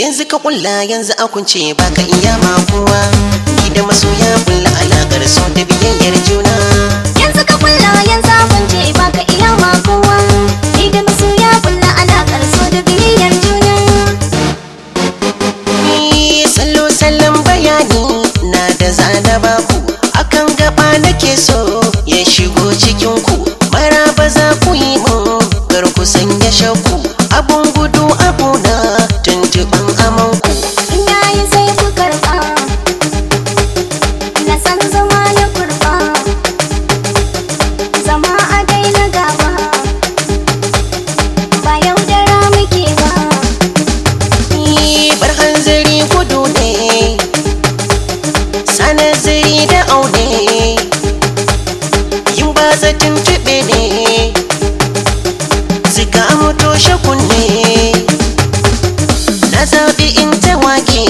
yanzu ka kulla yanzu a kunce ka iya ma kowa ni da masoya kulla alakar so da biyayyar juna yanzu ka kulla yanzu a kunce ka iya ma kowa ni da masoya kulla alakar so da biyayyar juna ni sallo sallan bayani na da zana baku akan gaba nake so ziri kudu ne sanar ziri da aune yin ba zatin tube ne zika mutu shakun ne na zaɓi in ta wake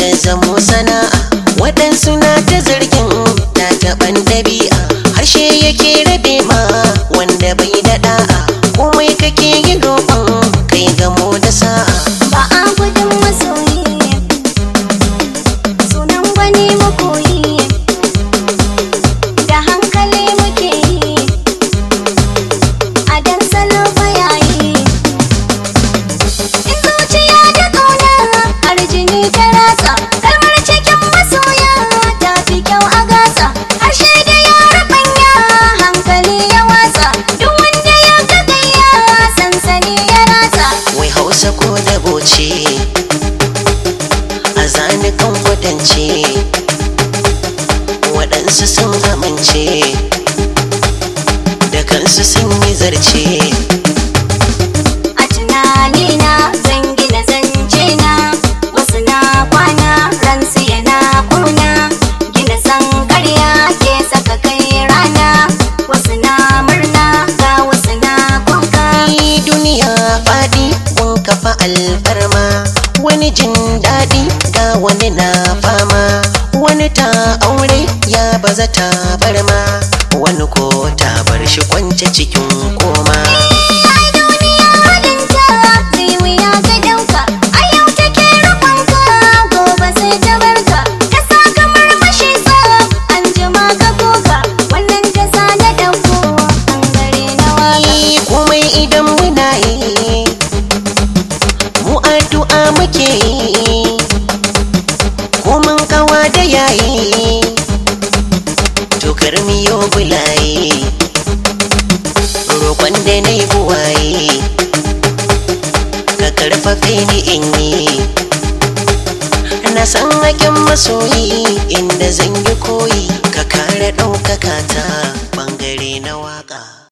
da zamo sana'a waɗansu na ta zargin na taɓan ɗabi'a harshe yake rabe ma wanda bai daɗa komai kake yin kwatance a zane kan kwatance waɗansu sun amince da kansu sun yi zarce Kafa alfarma wani jin daɗi ga wani na fama wani ta aure ya baza ta barma wani ko ta bar shi kwance cikin koma addu'a muke mun kawa da yayi to yo bulaye roƙon da na yi buwaye ka karfafe ni in yi na san hakin masoyi inda zan yi koyi ka kare ɗaukaka ta ɓangare nawa